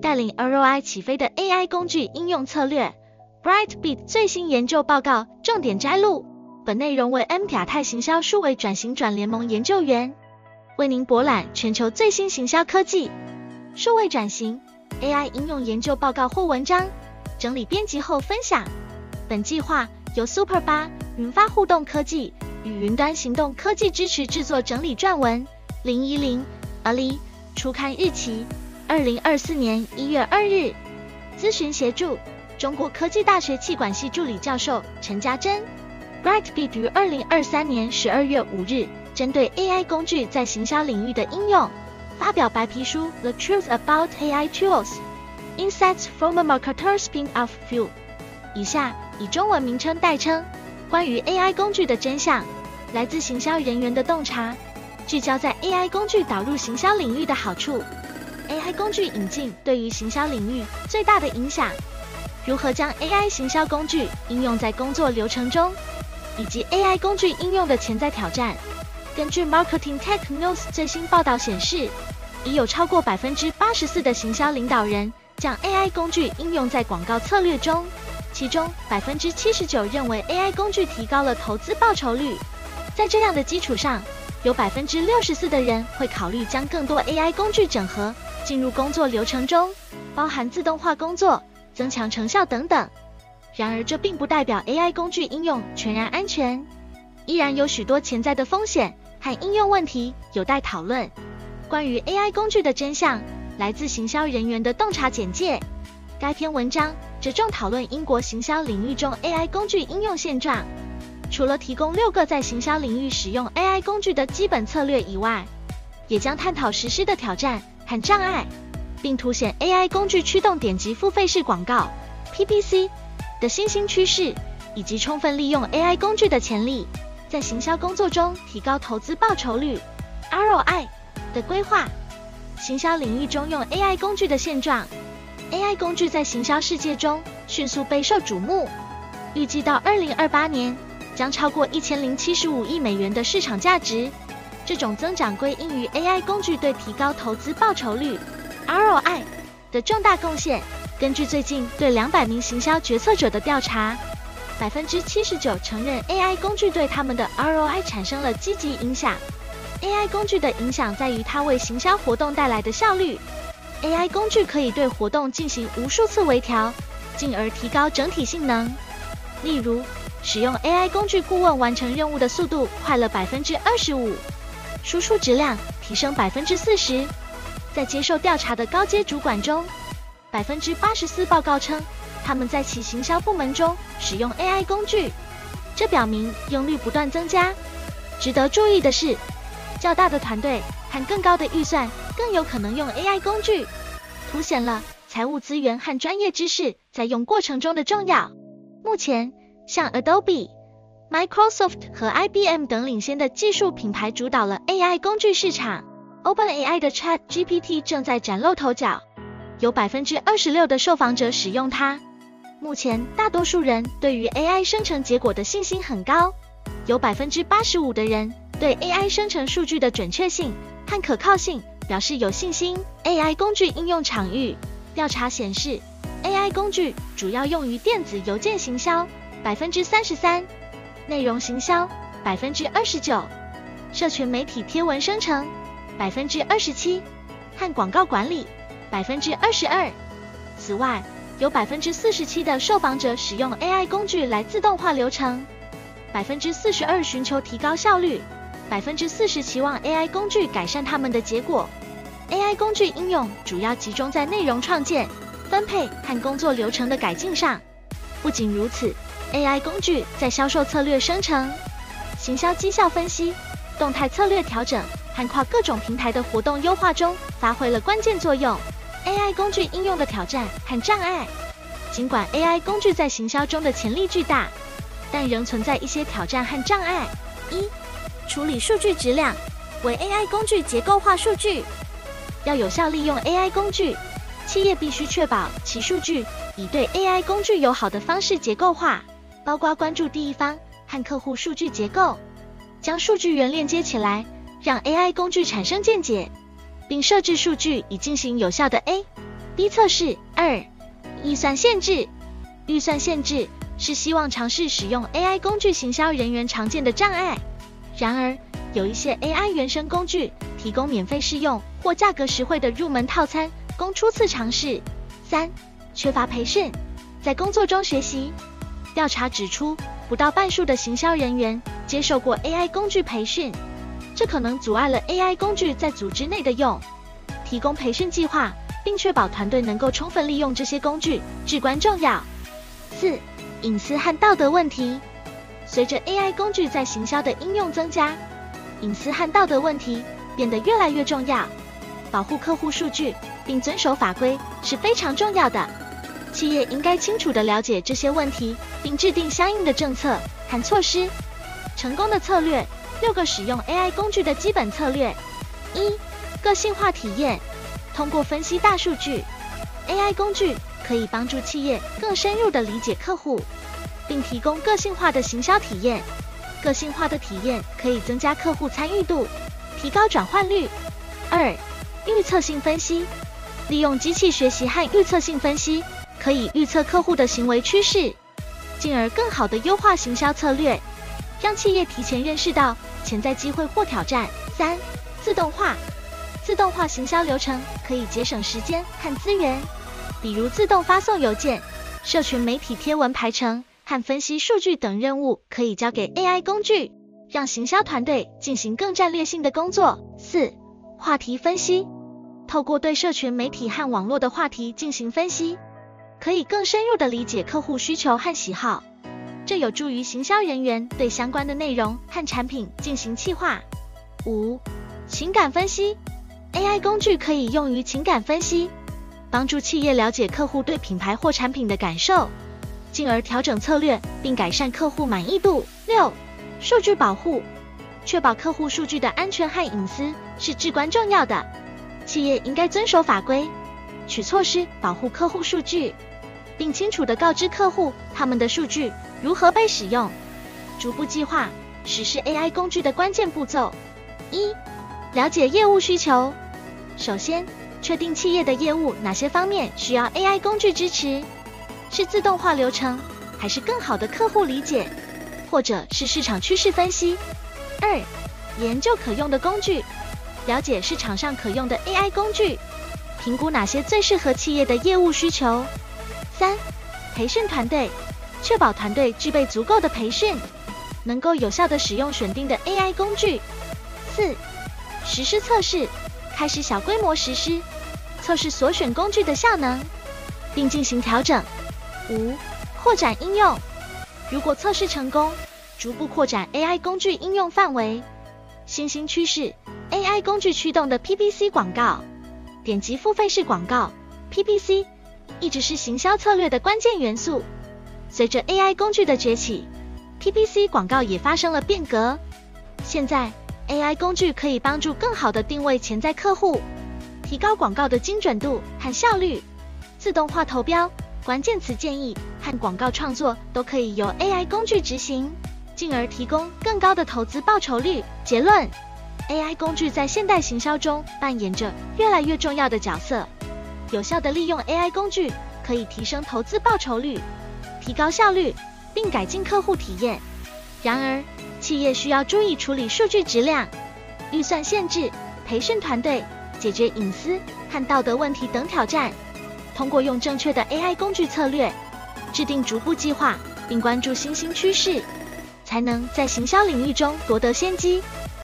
帶領 ROI 起飛的 AI 工具應用策略，BrightBid 最新研究報告重點摘錄。本內容為 M 亞太行銷數位轉型轉聯盟研究員為您博覽全球最新行銷科技數位轉型 AI 應用研究報告或文章，整理編輯後分享。本計劃由 Super 八雲發互動科技與雲端行動科技支持製作整理撰文。零一零阿里初刊日期。二零二四年一月二日，諮詢協助中國科技大學氣管系助理教授陳家珍。BrightBid 於二零二三年十二月五日針對 AI 工具在行銷領域的應用，發表白皮書《The Truth About AI Tools: Insights from Marketers' Point of View》。以下以中文名稱代稱，《關於 AI 工具的真相：來自行銷人員的洞察》，聚焦在 AI 工具導入行銷領域的好處。AI 工具引進對於行銷領域最大的影響，如何將 AI 行銷工具應用在工作流程中，以及 AI 工具應用的潛在挑戰。根據 Marketing Tech News 最新報道顯示，已有超過百分之八十四的行銷領導人將 AI 工具應用在廣告策略中，其中百分之七十九認為 AI 工具提高了投資報酬率。在這樣的基礎上，有百分之六十四的人會考慮將更多 AI 工具整合，進入工作流程中，包含自動化工作、增強成效等等。然而，這並不代表 AI 工具應用全然安全，依然有許多潛在的風險和應用問題有待討論。關於 AI 工具的真相，來自行銷人員的洞察簡介。該篇文章着重討論英國行銷領域中 AI 工具應用現狀，除了提供六個在行銷領域使用 AI 工具的基本策略以外，也將探討實施的挑戰。和障礙，並凸顯 AI 工具驅動點擊付費式廣告 的新興趨勢，以及充分利用 AI 工具的潛力，在行銷工作中提高投資報酬率 （ROI） 的規劃。行銷領域中用 AI 工具的現狀，AI 工具在行銷世界中迅速備受矚目，預計到二零二八年將超過一千零七十五億美元的市場價值。這種增長歸因於 AI 工具對提高投資報酬率 （ROI） 的重大貢獻。根據最近對兩百名行銷決策者的調查，百分之七十九承認 AI 工具對他們的 ROI 產生了積極影響。AI 工具的影響在於它為行銷活動帶來的效率。AI 工具可以對活動進行無數次微調，進而提高整體性能。例如，使用 AI 工具顧問完成任務的速度快了百分之二十五。輸出質量提升百分之四十。在接受調查的高階主管中，百分之八十四報告稱他們在其行銷部門中使用 AI 工具，這表明用率不斷增加。值得注意的是，較大的團隊和更高的預算更有可能用 AI 工具，凸顯了財務資源和專業知識在用過程中的重要。目前，像 Adobe、Microsoft 和 IBM 等領先的技術品牌主導了 AI 工具市場。OpenAI 的 ChatGPT 正在嶄露頭角，有26，有百分之二十六的受訪者使用它。目前，大多數人對於 AI 生成結果的信心很高有85，有百分之八十五的人對 AI 生成數據的準確性和可靠性表示有信心。AI 工具應用場域調查顯示，AI 工具主要用於電子郵件行銷33，百分之三十三。內容行銷百分之二十九，社群媒體貼文生成百分之二十七，和廣告管理百分之二十二。此外，有百分之四十七的受訪者使用 AI 工具來自動化流程，百分之四十二尋求提高效率，百分之四十期望 AI 工具改善他們的結果。AI 工具應用主要集中在內容創建、分配和工作流程的改進上。不僅如此，AI 工具在銷售策略生成、行銷績效分析、動態策略調整和跨各種平台的活動優化中發揮了關鍵作用。AI 工具應用的挑戰和障礙：儘管 AI 工具在行銷中的潛力巨大，但仍存在一些挑戰和障礙。一、處理數據質量，為 AI 工具結構化數據，要有效利用 AI 工具。企業必須確保其數據以對 AI 工具友好的方式結構化，包括關注第一方和客戶數據結構，將數據源鏈接起來，讓 AI 工具產生見解，並設置數據以進行有效的 A、B 測試。二、預算限制，預算限制是希望嘗試使用 AI 工具行銷人員常見的障礙。然而，有一些 AI 原生工具提供免費試用或價格實惠的入門套餐。供初次嘗試。三、缺乏培訓，在工作中學習。調查指出，不到半數的行銷人員接受過 AI 工具培訓，這可能阻礙了 AI 工具在組織內的用。提供培訓計劃，並確保團隊能夠充分利用這些工具，至關重要。四、隱私和道德問題。隨着 AI 工具在行銷的應用增加，隱私和道德問題變得越來越重要。保護客戶數據並遵守法規是非常重要的。企業應該清楚地了解這些問題，並制定相應的政策和措施。成功的策略：六個使用 AI 工具的基本策略。一、個性化體驗。通過分析大數據，AI 工具可以幫助企業更深入地理解客戶，並提供個性化的行銷體驗。個性化的體驗可以增加客戶參與度，提高轉換率。二、預測性分析，利用機器學習和預測性分析，可以預測客戶的行為趨勢，進而更好的優化行銷策略，讓企業提前認識到潛在機會或挑戰。三、自動化，自動化行銷流程可以節省時間和資源，比如自動發送郵件、社群媒體貼文排程和分析數據等任務可以交給 AI 工具，讓行銷團隊進行更戰略性的工作。四、話題分析。透過對社群媒體和網絡的話題進行分析，可以更深入地理解客戶需求和喜好，這有助於行銷人員對相關的內容和產品進行企劃。五、情感分析，AI 工具可以用於情感分析，幫助企業了解客戶對品牌或產品的感受，進而調整策略並改善客戶滿意度。六、數據保護，確保客戶數據的安全和隱私是至關重要的。企業應該遵守法規，取措施保護客戶數據，並清楚地告知客戶他們的數據如何被使用。逐步計劃實施 AI 工具的關鍵步驟：一、了解業務需求。首先，確定企業的業務哪些方面需要 AI 工具支持，是自動化流程，還是更好的客戶理解，或者是市場趨勢分析。二、研究可用的工具。了解市場上可用的 AI 工具，評估哪些最適合企業的業務需求。三、培訓團隊，確保團隊具備足夠的培訓，能夠有效地使用選定的 AI 工具。四、實施測試，開始小規模實施，測試所選工具的效能，並進行調整。五、擴展應用，如果測試成功，逐步擴展 AI 工具應用範圍。新興趨勢。AI 工具驅動的 PPC 廣告，點擊付費式廣告 PPC 一直是行銷策略的關鍵元素。隨着 AI 工具的崛起，PPC 廣告也發生了變革。現在，AI 工具可以幫助更好地定位潛在客戶，提高廣告的精準度和效率。自動化投標、關鍵詞建議和廣告創作都可以由 AI 工具執行，進而提供更高的投資報酬率。結論。AI 工具在現代行銷中扮演着越來越重要的角色。有效地利用 AI 工具，可以提升投資報酬率、提高效率，並改進客戶體驗。然而，企業需要注意處理數據質量、預算限制、培訓團隊、解決隱私和道德問題等挑戰。通過用正確的 AI 工具策略、制定逐步計劃，並關注新興趨勢，才能在行銷領域中奪得先機。